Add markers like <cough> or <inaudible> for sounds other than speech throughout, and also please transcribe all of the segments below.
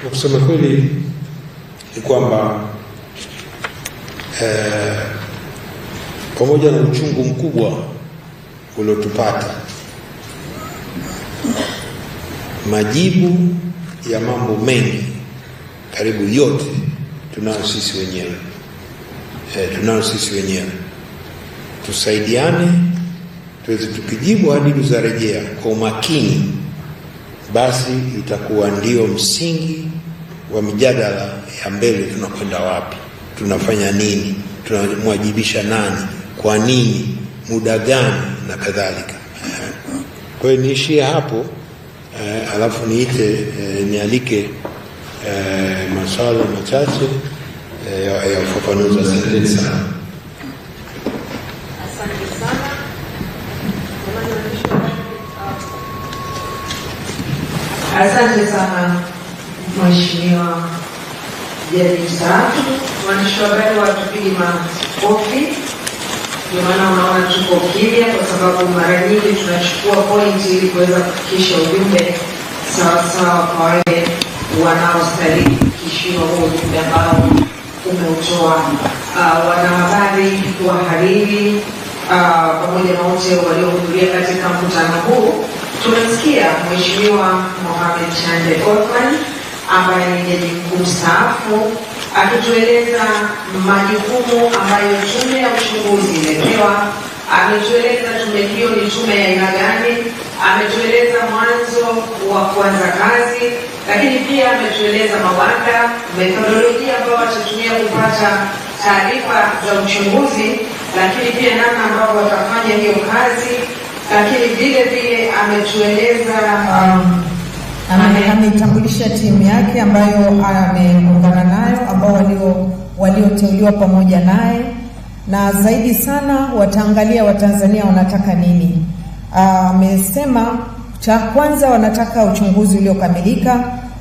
Kwa kusema kweli ni kwamba eh, pamoja na uchungu mkubwa uliotupata, majibu ya mambo mengi karibu yote tunayo sisi wenyewe eh, tunayo sisi wenyewe. Tusaidiane tuweze tukijibu hadidu za rejea kwa umakini, basi itakuwa ndio msingi wa mijadala ya mbele, tunakwenda wapi, tunafanya nini, tunamwajibisha nani, kwa nini, muda gani na kadhalika. Kwa hiyo niishie hapo eh, alafu niite eh, nialike eh, maswala machache eh, ya ufafanuzi wa sana. Asante sana. Mheshimiwa Jaji mstaafu, waandishi wa habari watupigi makofi, ndio maana unaona tuko kimya, kwa sababu mara nyingi tunachukua point ili kuweza kufikisha ujumbe sawasawa kwa wale wanaostahili kufikishiwa huo ujumbe ambao umeutoa. Uh, wanahabari, wahariri ah, pamoja na wote waliohudhuria katika mkutano huu, tunasikia Mheshimiwa Mohamed Chande Othman ambaye ni jaji mkuu mstaafu akitueleza majukumu ambayo tume ya uchunguzi imepewa. Ametueleza tume hiyo ni tume ya aina gani, ametueleza mwanzo wa kuanza kazi, lakini pia ametueleza mawanda, methodolojia ambayo watatumia kupata taarifa za uchunguzi, lakini pia namna ambavyo watafanya hiyo kazi, lakini vile vile ametueleza um, ameitambulisha timu yake ambayo ameungana nayo ambao walioteuliwa walio pamoja naye, na zaidi sana wataangalia Watanzania wanataka nini. Ah, amesema cha kwanza wanataka uchunguzi uliokamilika,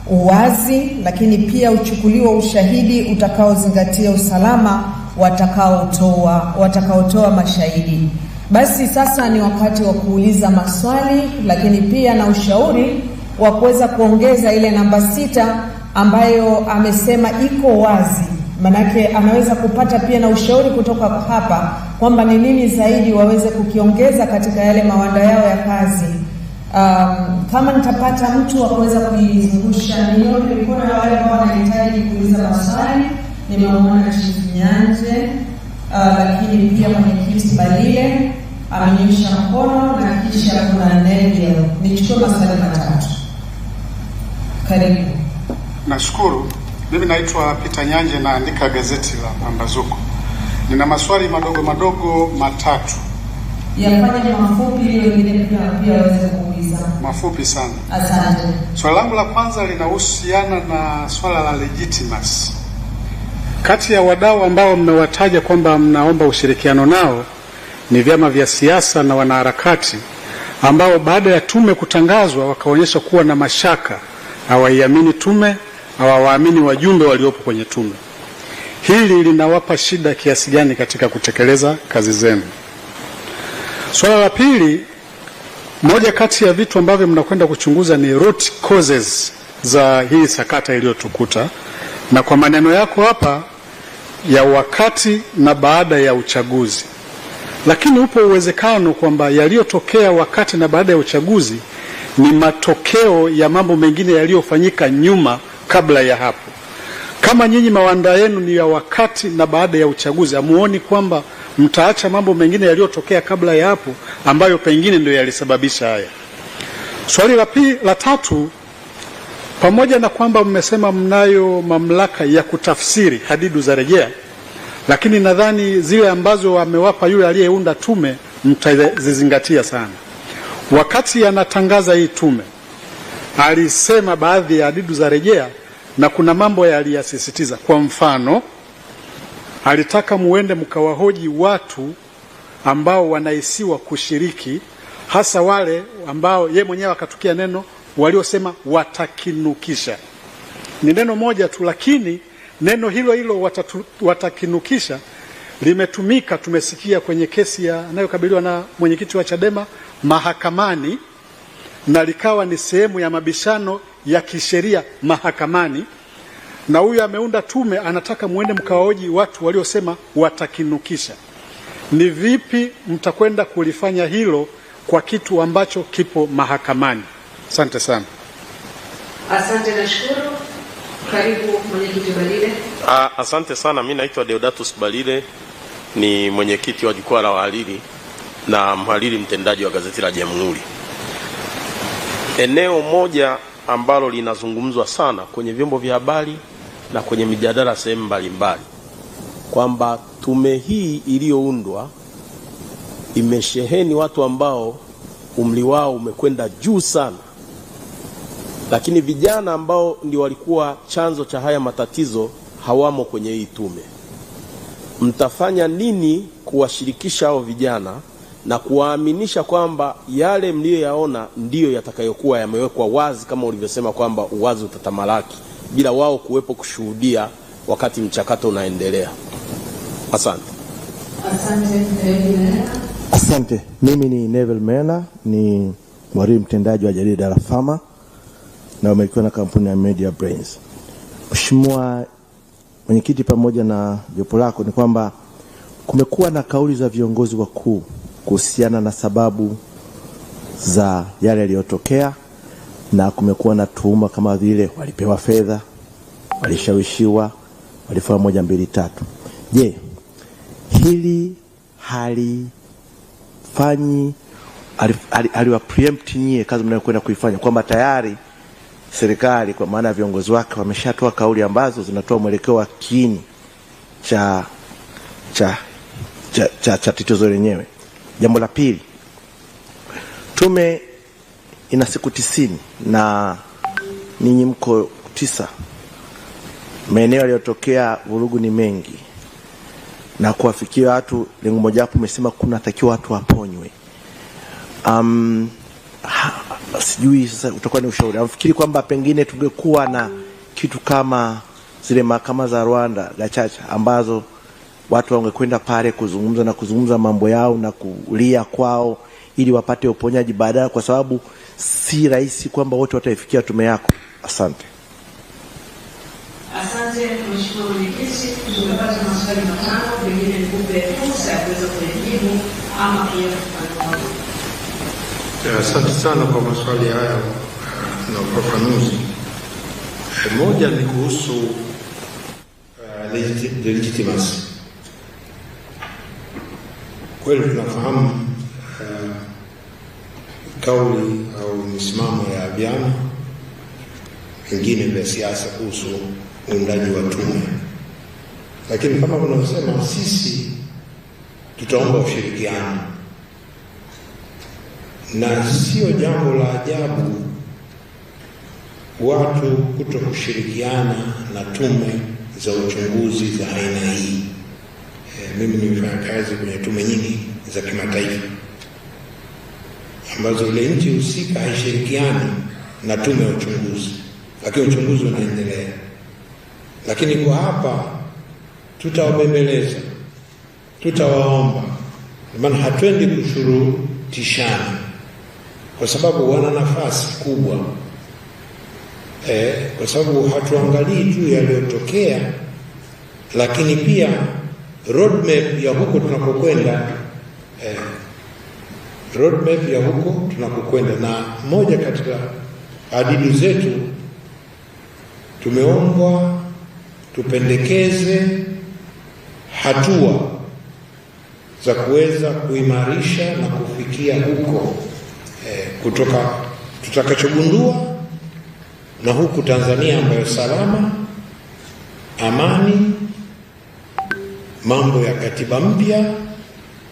uwazi, lakini pia uchukuliwa ushahidi utakaozingatia usalama watakaotoa watakaotoa mashahidi. Basi sasa ni wakati wa kuuliza maswali, lakini pia na ushauri wa kuweza kuongeza ile namba sita ambayo amesema iko wazi, manake anaweza kupata pia na ushauri kutoka hapa kwamba ni nini zaidi waweze kukiongeza katika yale mawanda yao ya kazi. Um, kama nitapata mtu wa kuweza kuizungusha mioyo mikono ya wale ambao wanahitaji kuuliza maswali, nimeona Chifu Nyanje, uh, lakini pia mwenyekiti Balile amenyosha mkono na kisha kuna ndege. Nichukue maswali matatu. Karibu. Nashukuru. Mimi naitwa Peter Nyanje, naandika gazeti la Pambazuko. Nina maswali madogo madogo matatu. Yafanye mafupi ili wengine pia waweze kuuliza. Mafupi sana. Asante. Swali langu la kwanza linahusiana na swala la legitimacy. Kati ya wadau ambao mmewataja kwamba mnaomba ushirikiano nao ni vyama vya siasa na wanaharakati ambao baada ya tume kutangazwa wakaonyesha kuwa na mashaka hawaiamini tume, hawawaamini wajumbe waliopo kwenye tume. Hili linawapa shida kiasi gani katika kutekeleza kazi zenu? Swala la pili, moja kati ya vitu ambavyo mnakwenda kuchunguza ni root causes za hii sakata iliyotukuta, na kwa maneno yako hapa ya wakati na baada ya uchaguzi, lakini upo uwezekano kwamba yaliyotokea wakati na baada ya uchaguzi ni matokeo ya mambo mengine yaliyofanyika nyuma kabla ya hapo. Kama nyinyi mawanda yenu ni ya wakati na baada ya uchaguzi, hamuoni kwamba mtaacha mambo mengine yaliyotokea kabla ya hapo ambayo pengine ndio yalisababisha haya? Swali la pili, la tatu, pamoja na kwamba mmesema mnayo mamlaka ya kutafsiri hadidu za rejea, lakini nadhani zile ambazo wamewapa yule aliyeunda tume mtazizingatia sana. Wakati anatangaza hii tume alisema baadhi ya hadidu za rejea na kuna mambo yaliyasisitiza. Kwa mfano, alitaka muende mkawahoji watu ambao wanahisiwa kushiriki, hasa wale ambao ye mwenyewe akatukia neno waliosema watakinukisha. Ni neno moja tu, lakini neno hilo hilo watatu, watakinukisha limetumika tumesikia kwenye kesi anayokabiliwa na mwenyekiti wa Chadema mahakamani na likawa ni sehemu ya mabishano ya kisheria mahakamani, na huyu ameunda tume, anataka mwende mkawaoji watu waliosema watakinukisha. Ni vipi mtakwenda kulifanya hilo kwa kitu ambacho kipo mahakamani? Asante sana. Asante, nashukuru. Karibu mwenyekiti Balile. Ah, asante sana, mi naitwa Deodatus Balile, ni mwenyekiti wa jukwaa la wahariri na mhariri mtendaji wa gazeti la Jamhuri. Eneo moja ambalo linazungumzwa sana kwenye vyombo vya habari na kwenye mijadala sehemu mbalimbali kwamba tume hii iliyoundwa imesheheni watu ambao umri wao umekwenda juu sana, lakini vijana ambao ndio walikuwa chanzo cha haya matatizo hawamo kwenye hii tume. Mtafanya nini kuwashirikisha hao vijana na kuwaaminisha kwamba yale mliyoyaona ndiyo yatakayokuwa yamewekwa wazi, kama ulivyosema kwamba uwazi utatamalaki bila wao kuwepo kushuhudia wakati mchakato unaendelea. Asante. Asante, asante. Mimi ni Neville Mena, ni mwalimu mtendaji wa jarida la Fama na umelikiwa na kampuni ya Media Brains. Mheshimiwa Mwenyekiti, pamoja na jopo lako, ni kwamba kumekuwa na kauli za viongozi wakuu kuhusiana na sababu za yale yaliyotokea, na kumekuwa na tuhuma kama vile walipewa fedha, walishawishiwa, walifanya moja mbili tatu. Je, hili halifanyi aliwa preempt nyie kazi mnayokwenda kuifanya kwamba tayari serikali kwa maana ya viongozi wake wameshatoa kauli ambazo zinatoa mwelekeo wa kiini cha cha cha, cha, cha tatizo lenyewe. Jambo la pili, tume ina siku tisini na ninyi mko tisa. Maeneo yaliyotokea vurugu ni mengi, na kuwafikia watu lengo moja wapo, umesema kunatakiwa watu waponywe. Um, sijui sasa utakuwa ni ushauri. Nafikiri kwamba pengine tungekuwa na kitu kama zile mahakama za Rwanda Gachacha ambazo watu wangekwenda pale kuzungumza na kuzungumza mambo yao na kulia kwao ili wapate uponyaji baadaye, kwa sababu si rahisi kwamba wote wataifikia tume yako. Asante. Asante mheshimiwa mwenyekiti, tumepata maswali matano, pengine nikupe fursa ya kuweza ama pia. Asante sana kwa maswali haya na ufafanuzi. Eh, moja ni kuhusu eh, legitimacy kweli tunafahamu uh, kauli au misimamo ya vyama vingine vya siasa kuhusu uundaji wa tume, lakini kama unavyosema, sisi tutaomba ushirikiano na sio jambo la ajabu watu kuto kushirikiana na tume za uchunguzi za aina hii. E, mimi nimefanya kazi kwenye tume nyingi za kimataifa ambazo ile nchi husika haishirikiani na tume ya uchunguzi, lakini uchunguzi unaendelea. Lakini kwa hapa tutawabembeleza, tutawaomba, maana hatuendi kushurutishana kwa sababu wana nafasi kubwa e, kwa sababu hatuangalii tu yaliyotokea, lakini pia roadmap ya huko tunakokwenda eh, roadmap ya huko tunakokwenda. Na moja katika adili zetu tumeombwa tupendekeze hatua za kuweza kuimarisha na kufikia huko eh, kutoka tutakachogundua na huku Tanzania ambayo salama, amani mambo ya katiba mpya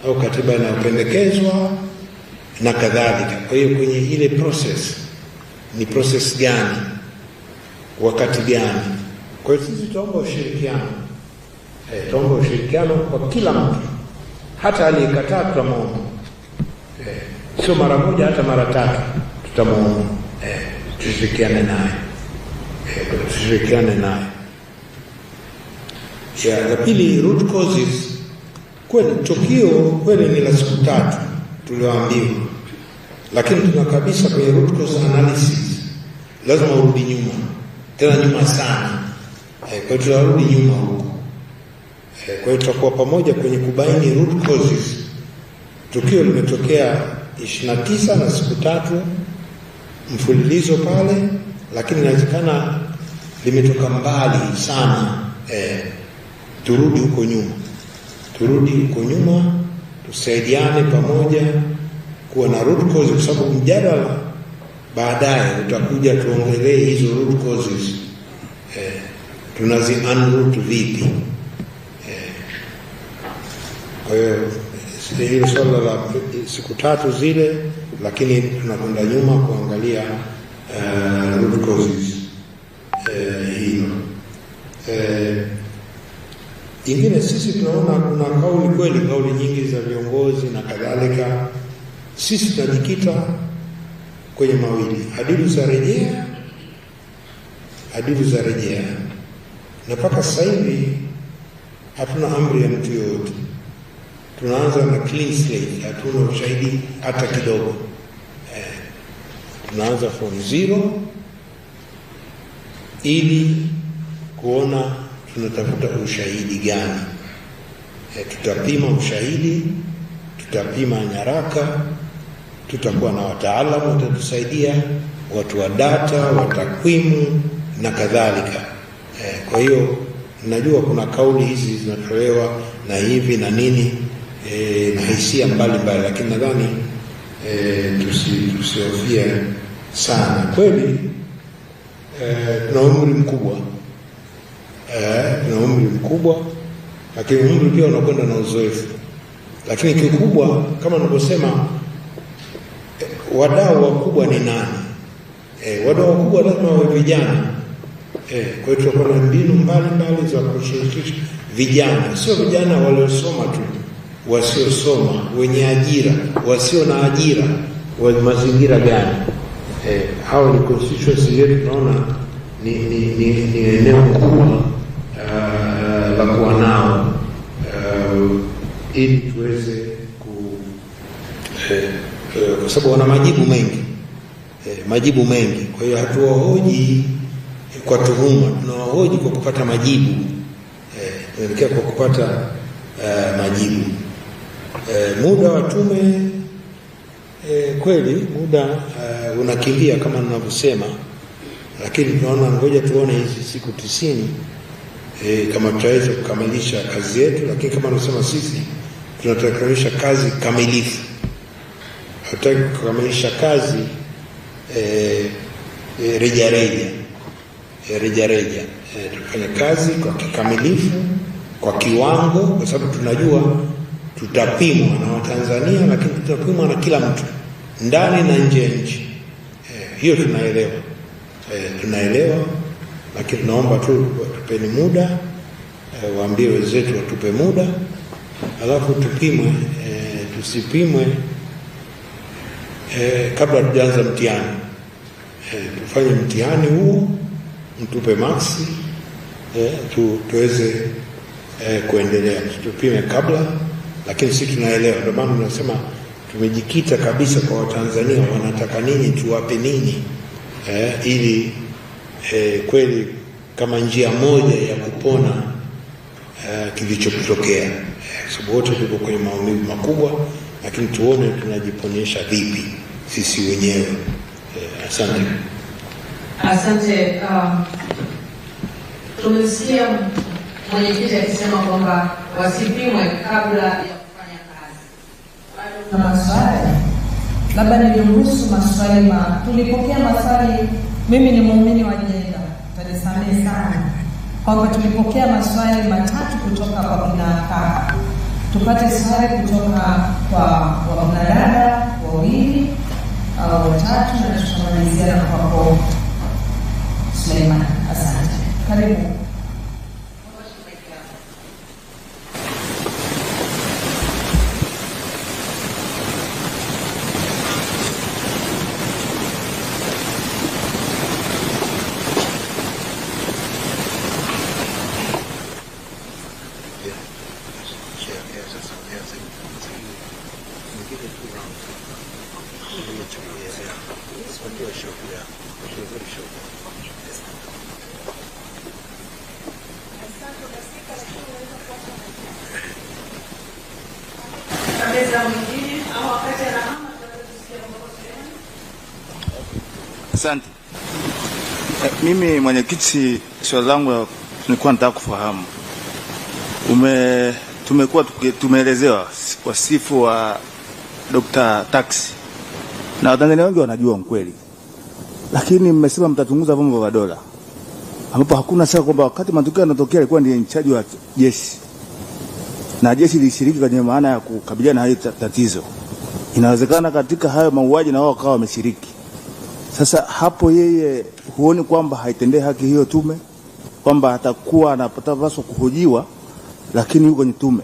au katiba inayopendekezwa na kadhalika. Kwa hiyo kwenye ile process ni process gani, wakati gani? Kwa hiyo sisi tuomba ushirikiano e, eh, tuomba ushirikiano kwa kila mtu, hata aliyekataa tutamwomba e, eh, sio mara moja, hata mara tatu tutamwomba e, eh, tushirikiane naye e, tushirikiane naye ya pili, root causes. Kweli tukio kweli ni la siku tatu tulioambiwa, lakini tuna kabisa kwenye root cause analysis lazima urudi nyuma, tena nyuma sana. Eh, kwa hiyo tunarudi nyuma huko. Eh, kwa hiyo tutakuwa pamoja kwenye kubaini root causes. Tukio limetokea 29 tisa na siku tatu mfululizo pale, lakini inawezekana limetoka mbali sana eh turudi huko nyuma, turudi huko nyuma, tusaidiane pamoja kuwa na root cause, kwa sababu mjadala baadaye utakuja, tuongelee hizo root causes eh, tunazi unroot vipi eh. Kwa hiyo eh, hilo swala la siku tatu zile, lakini tunakwenda nyuma kuangalia uh, root causes eh, hilo eh, Kingine sisi tunaona kuna kauli kweli, kauli nyingi za viongozi na kadhalika. Sisi tunajikita kwenye mawili, hadidu za rejea, hadidu za rejea, na mpaka sasa hivi hatuna amri ya mtu yoyote. Tunaanza na clean slate, hatuna ushahidi hata kidogo eh. Tunaanza from zero ili kuona tunatafuta ushahidi gani? E, tutapima ushahidi, tutapima nyaraka, tutakuwa na wataalamu watatusaidia, watu wa data, wa takwimu na kadhalika. E, kwa hiyo najua kuna kauli hizi zinatolewa na hivi na nini e, na hisia mbalimbali, lakini nadhani e, tusihofie sana kweli. E, tuna umri mkubwa eh, na umri mkubwa, lakini umri pia unakwenda na uzoefu. Lakini kikubwa kama nilivyosema, eh, wadau wakubwa ni nani? Eh, wadau wakubwa lazima wawe vijana. Eh, kwa hiyo tunakuwa na mbinu mbalimbali za kushirikisha vijana, sio vijana waliosoma tu, wasiosoma, wenye ajira, wasio na ajira, wa mazingira gani? Eh, hao ni constituency yetu, tunaona ni ni ni, ni eneo kubwa tutakuwa nao uh, ili tuweze ku eh, eh, kwa sababu wana majibu mengi eh, majibu mengi. Kwa hiyo hatuwahoji kwa tuhuma, tunawahoji kwa kupata majibu eh, tunaelekea eh, kwa kupata uh, majibu eh, muda wa tume eh, kweli muda uh, unakimbia kama ninavyosema, lakini tunaona ngoja tuone hizi siku tisini e, kama tutaweza kukamilisha kazi yetu, lakini kama anasema sisi tunataka kazi kamilifu, hatutaki kukamilisha kazi e, e, reja reja e, reja reja e, tufanye kazi kwa kikamilifu, kwa kiwango, kwa sababu tunajua tutapimwa na Watanzania, lakini tutapimwa na kila mtu ndani na nje ya nchi. E, hiyo tunaelewa, e, tunaelewa lakini tunaomba tu watupeni muda e, waambie wenzetu watupe muda, alafu tupimwe e, tusipimwe e, kabla tujaanza mtihani e, tufanye mtihani huu mtupe maksi e, tu, tuweze e, kuendelea, tupime kabla, lakini si tunaelewa. Ndio maana tunasema tumejikita kabisa kwa Watanzania wanataka nini, tuwape nini e, ili e, kweli kama njia moja ya kupona e, kilichotokea e, sababu wote tuko kwenye maumivu makubwa, lakini tuone tunajiponesha vipi sisi wenyewe e, asante. Asante. Um, tumesikia mwenyekiti akisema kwamba wasipimwe kabla ya kufanya kazi. Bado kuna maswali, labda niliruhusu maswali ma tulipokea maswali mimi ni muumini wa jenga tanisamehe sana kwamba tumepokea maswali matatu kutoka kwa binakaka, tupate swali kutoka kwa wabinadada wawili au watatu, na tutamalizia kwako Suleiman. Asante, karibu. Asante. Eh, mimi mwenyekiti, swali langu nilikuwa nataka kufahamu ume tumekuwa tumeelezewa wasifu wa Dr. Tax na Watanzania wengi wanajua mkweli, lakini mmesema mtachunguza vyombo vya dola, ambapo hakuna shaka kwamba wakati matukio yanatokea alikuwa ndiye mchaji wa jeshi na jeshi lilishiriki kwenye maana ya kukabiliana na hayo tatizo. Inawezekana katika hayo mauaji na wao wakawa wameshiriki. Sasa hapo yeye huoni kwamba haitendee haki hiyo tume, kwamba atakuwa anapaswa kuhojiwa, lakini yuko kwenye tume.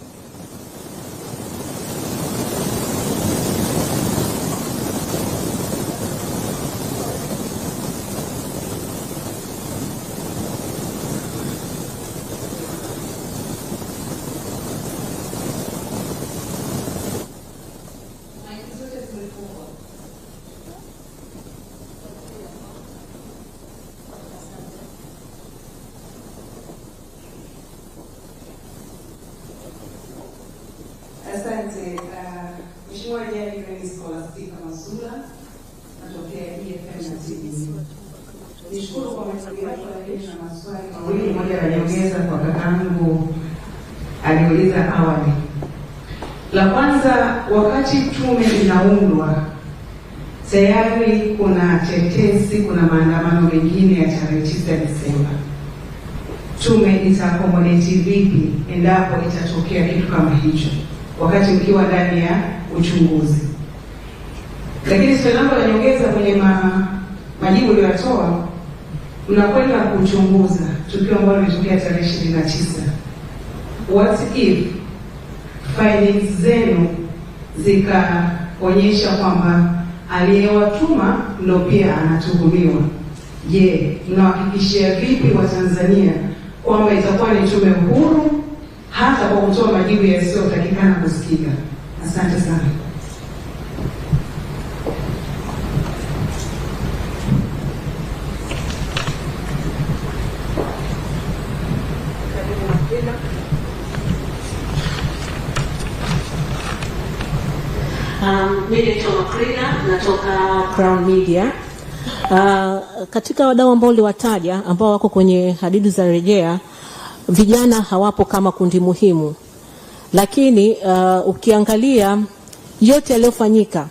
Kwanza, wakati tume inaundwa tayari kuna tetesi, kuna maandamano mengine ya tarehe 9 Desemba. Tume itakomoneti vipi endapo itatokea kitu kama hicho, wakati mkiwa ndani ya uchunguzi? Lakini swali langu la nyongeza kwenye ma, majibu uliyotoa, mnakwenda kuchunguza tukio ambalo limetokea tarehe 29. What if findings zenu zikaonyesha kwamba aliyewatuma ndo pia anatuhumiwa, je, mnawahakikishia vipi wa tanzania kwamba itakuwa ni tume huru hata kwa kutoa majibu yasiyotakikana kusikika? Asante sana. uh, Crown Media. Uh, katika wadau ambao uliwataja ambao wako kwenye hadidu za rejea, vijana hawapo kama kundi muhimu, lakini uh, ukiangalia yote yaliyofanyika,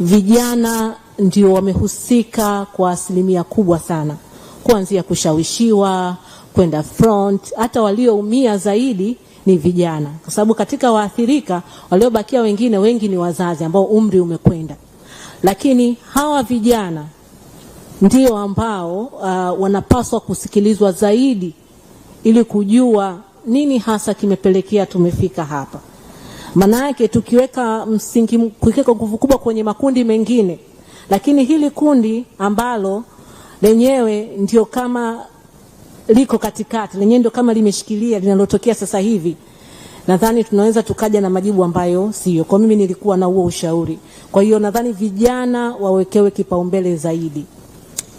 vijana ndio wamehusika kwa asilimia kubwa sana, kuanzia kushawishiwa kwenda front. Hata walioumia zaidi ni vijana, kwa sababu katika waathirika waliobakia wengine wengi ni wazazi ambao umri umekwenda lakini hawa vijana ndio ambao uh, wanapaswa kusikilizwa zaidi ili kujua nini hasa kimepelekea tumefika hapa. Maana yake tukiweka msingi, kuweka nguvu kubwa kwenye makundi mengine, lakini hili kundi ambalo lenyewe ndio kama liko katikati, lenyewe ndio kama limeshikilia linalotokea sasa hivi nadhani tunaweza tukaja na majibu ambayo sio. Kwa mimi nilikuwa na huo ushauri, kwa hiyo nadhani vijana wawekewe kipaumbele zaidi.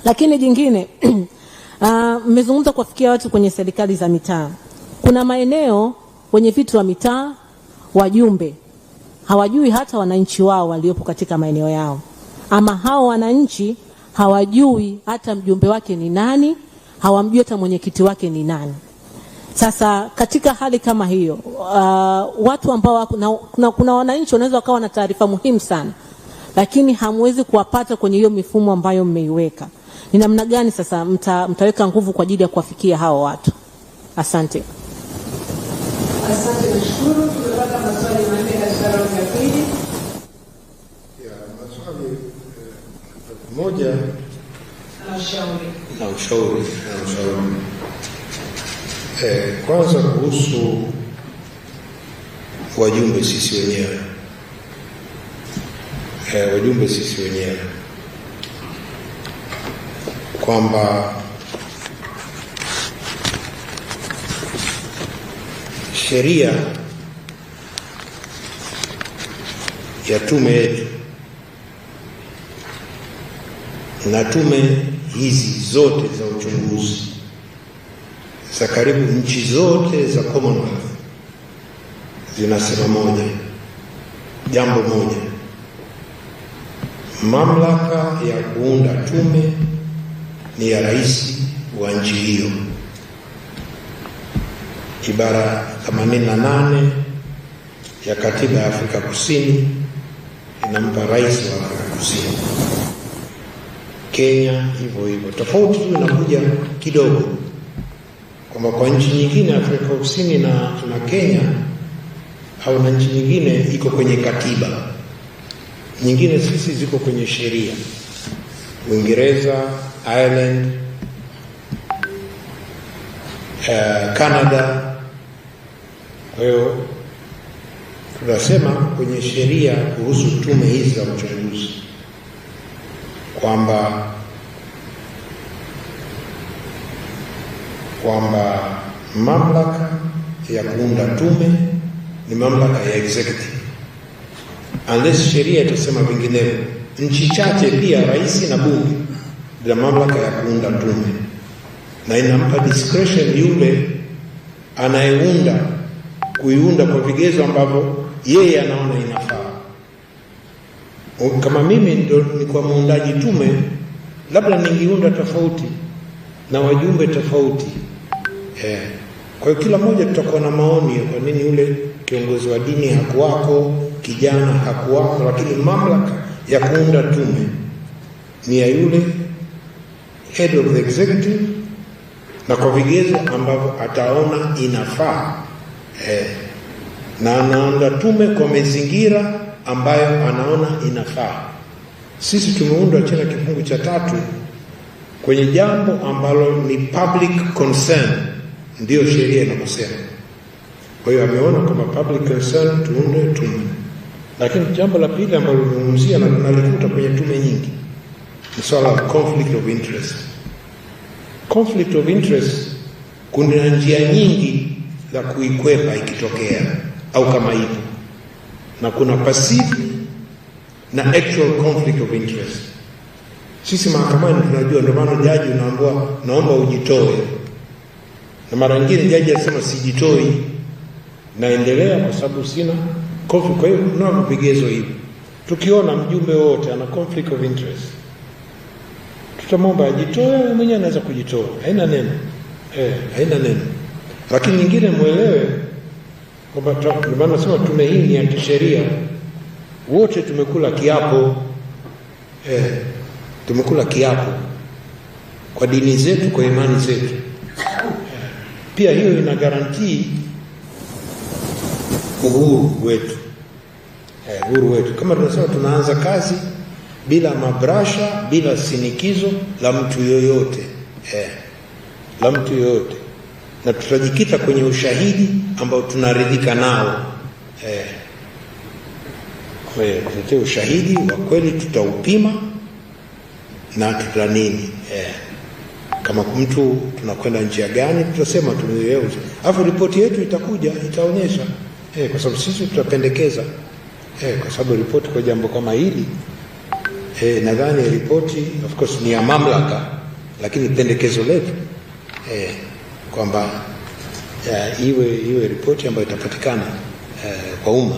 Lakini jingine <clears throat> uh, mmezungumza uh, kuwafikia watu kwenye serikali za mitaa. Kuna maeneo wenye vitu wa mitaa wajumbe hawajui hata wananchi wao waliopo katika maeneo yao, ama hao wananchi hawajui hata mjumbe wake ni nani, hawamjui hata mwenyekiti wake ni nani. Sasa katika hali kama hiyo uh, watu ambao kuna, kuna, kuna wananchi wanaweza wakawa na taarifa muhimu sana, lakini hamwezi kuwapata kwenye hiyo mifumo ambayo mmeiweka. Ni namna gani sasa mta, mtaweka nguvu kwa ajili ya kuwafikia hao watu? Asante. Asante nashukuru. Tumepata maswali manne katika raundi ya pili eh, Moja na ushauri Eh, kwanza kuhusu wajumbe sisi wenyewe eh, wajumbe sisi wenyewe kwamba sheria ya tume yetu na tume hizi zote za uchunguzi za karibu nchi zote za Commonwealth zinasema moja, jambo moja, mamlaka ya kuunda tume ni ya rais wa nchi hiyo. Ibara 88 ya katiba ya Afrika Kusini inampa rais wa Afrika Kusini. Kenya hivyo hivyo, tofauti tu inakuja kidogo kwamba kwa nchi nyingine Afrika Kusini na, na Kenya au na nchi nyingine iko kwenye katiba, nyingine sisi ziko kwenye sheria. Uingereza, Ireland, uh, Canada. Kwa hiyo tunasema kwenye sheria kuhusu tume hizi za uchaguzi kwamba kwamba mamlaka ya kuunda tume ni mamlaka ya executive, unless sheria itasema vinginevyo. Nchi chache pia rais na bunge ndio mamlaka ya kuunda tume, na inampa discretion yule anayeunda kuiunda kwa vigezo ambavyo yeye anaona inafaa. Kama mimi ndio kwa muundaji tume, labda ningeunda tofauti na wajumbe tofauti. Eh, kwa hiyo kila mmoja tutakuwa na maoni ya kwa nini yule kiongozi wa dini hakuwako, kijana hakuwako, lakini mamlaka ya kuunda tume ni ya yule head of the executive na kwa vigezo ambavyo ataona inafaa eh, na anaunda tume kwa mazingira ambayo anaona inafaa. Sisi tumeundwa chini ya kifungu cha tatu kwenye jambo ambalo ni public concern ndiyo sheria inavyosema. Kwa hiyo ameona kwamba public concern tuunde tume. Lakini jambo la pili ambalo nimezungumzia na nalikuta kwenye tume nyingi ni swala la conflict of interest. Conflict of interest, kuna njia nyingi za kuikwepa ikitokea au kama hivyo, na kuna passive na actual conflict of interest. Sisi mahakamani tunajua, ndio maana jaji unaambua naomba ujitoe na mara nyingine jaji anasema sijitoi, naendelea kwa sababu sina conflict. Kwa hiyo kuna vigezo hivi. Tukiona mjumbe wote ana conflict of interest, tutamwomba ajitoe, mwenyewe anaweza kujitoa, haina neno eh, haina neno. Lakini nyingine mwelewe kwamba maana nasema tume hii ni ya kisheria, wote tumekula kiapo eh, tumekula kiapo kwa dini zetu, kwa imani zetu pia hiyo ina garantii uhuru wetu, eh, uhuru wetu. Kama tunasema tunaanza kazi bila mabrasha, bila sinikizo la mtu yoyote eh, la mtu yoyote, na tutajikita kwenye ushahidi ambao tunaridhika nao eh, ushahidi wa kweli, tutaupima na tutanini eh. Kama mtu tunakwenda njia gani, tutasema tulieuza, alafu ripoti yetu itakuja itaonyesha eh, kwa sababu sisi tutapendekeza eh, kwa sababu ripoti kwa jambo kama hili eh, nadhani ripoti of course ni ya mamlaka, lakini pendekezo letu eh, kwamba eh, iwe iwe ripoti ambayo itapatikana eh, kwa umma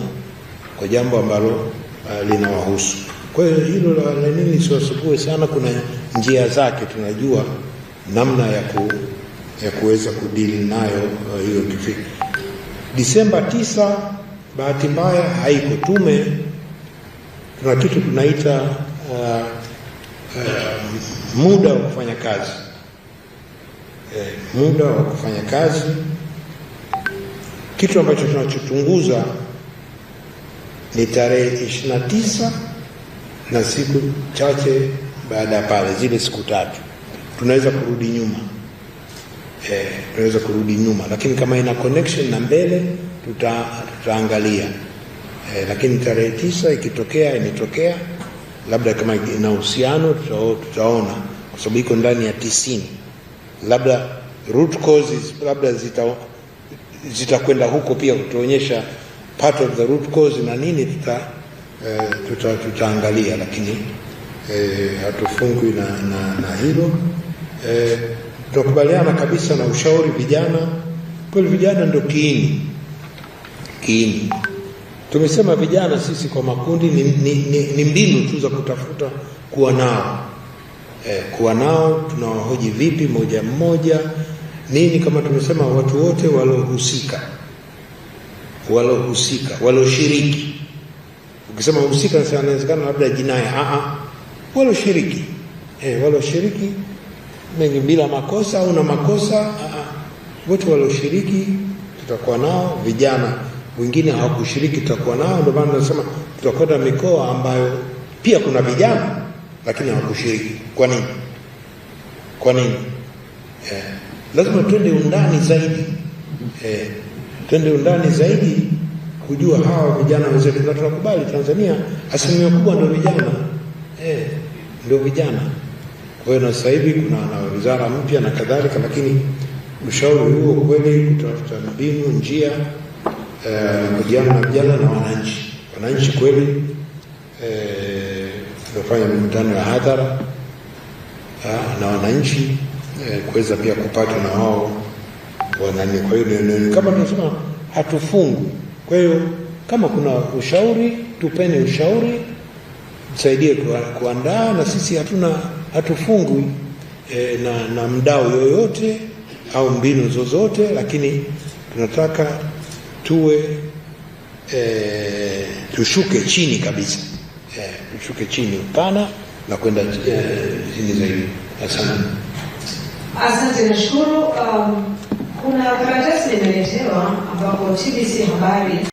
kwa jambo ambalo eh, linawahusu. Kwa hiyo hilo la nini, siwasugue sana, kuna njia zake tunajua namna ya, ku, ya kuweza kudili nayo uh, hiyo kifiki. Disemba tisa, bahati mbaya haiko tume, kuna kitu tunaita uh, uh, muda wa kufanya kazi uh, muda wa kufanya kazi, kitu ambacho tunachochunguza ni tarehe ishirini na tisa na siku chache baada ya pale, zile siku tatu tunaweza kurudi nyuma eh, tunaweza kurudi nyuma, lakini kama ina connection na mbele tuta, tutaangalia eh, lakini tarehe tisa ikitokea imetokea, labda kama ina uhusiano tuta, tutaona kwa sababu iko ndani ya tisini, labda root causes labda zita zitakwenda huko pia kutuonyesha part of the root cause na nini tuta eh, tuta tutaangalia, lakini eh, hatufungwi na, na, na hilo tunakubaliana eh, kabisa na ushauri vijana. Kweli vijana ndio kiini kiini. Tumesema vijana sisi kwa makundi ni, ni, ni, ni mbinu tu za kutafuta kuwa nao eh, kuwa nao tunawahoji vipi moja mmoja nini, kama tumesema watu wote waliohusika waliohusika walioshiriki. Ukisema husika, inawezekana labda jinai, ah, ah. walioshiriki eh, walioshiriki mengi bila makosa au na makosa. Ah, ah. Wote walioshiriki tutakuwa nao, vijana wengine hawakushiriki tutakuwa nao. Ndio maana nasema tutakwenda mikoa ambayo pia kuna vijana lakini hawakushiriki. Kwa nini? Kwa nini? yeah. lazima twende undani zaidi eh, twende undani zaidi kujua hawa vijana wenzetu, na tunakubali Tanzania asilimia kubwa ndio vijana eh, ndio vijana. Kwa hiyo na sasa hivi kuna na wizara mpya na kadhalika, lakini ushauri huo kweli, kutafuta mbinu, njia, uh, na vijana na wananchi, wananchi kweli eh, tumefanya mikutano ya hadhara ah, na wananchi eh, kuweza pia kupata na wao wanani. Kwa hiyo kama tunasema hatufungu Kwa hiyo kama kuna ushauri, tupeni ushauri, tusaidie kuandaa, na sisi hatuna hatufungwi e, na, na mdau yoyote au mbinu zozote, lakini tunataka tuwe e, tushuke chini kabisa e, tushuke chini upana na kwenda chini zaidi. Asante, asante, nashukuru. Um, kuna karatasi imeletewa ambapo TBC habari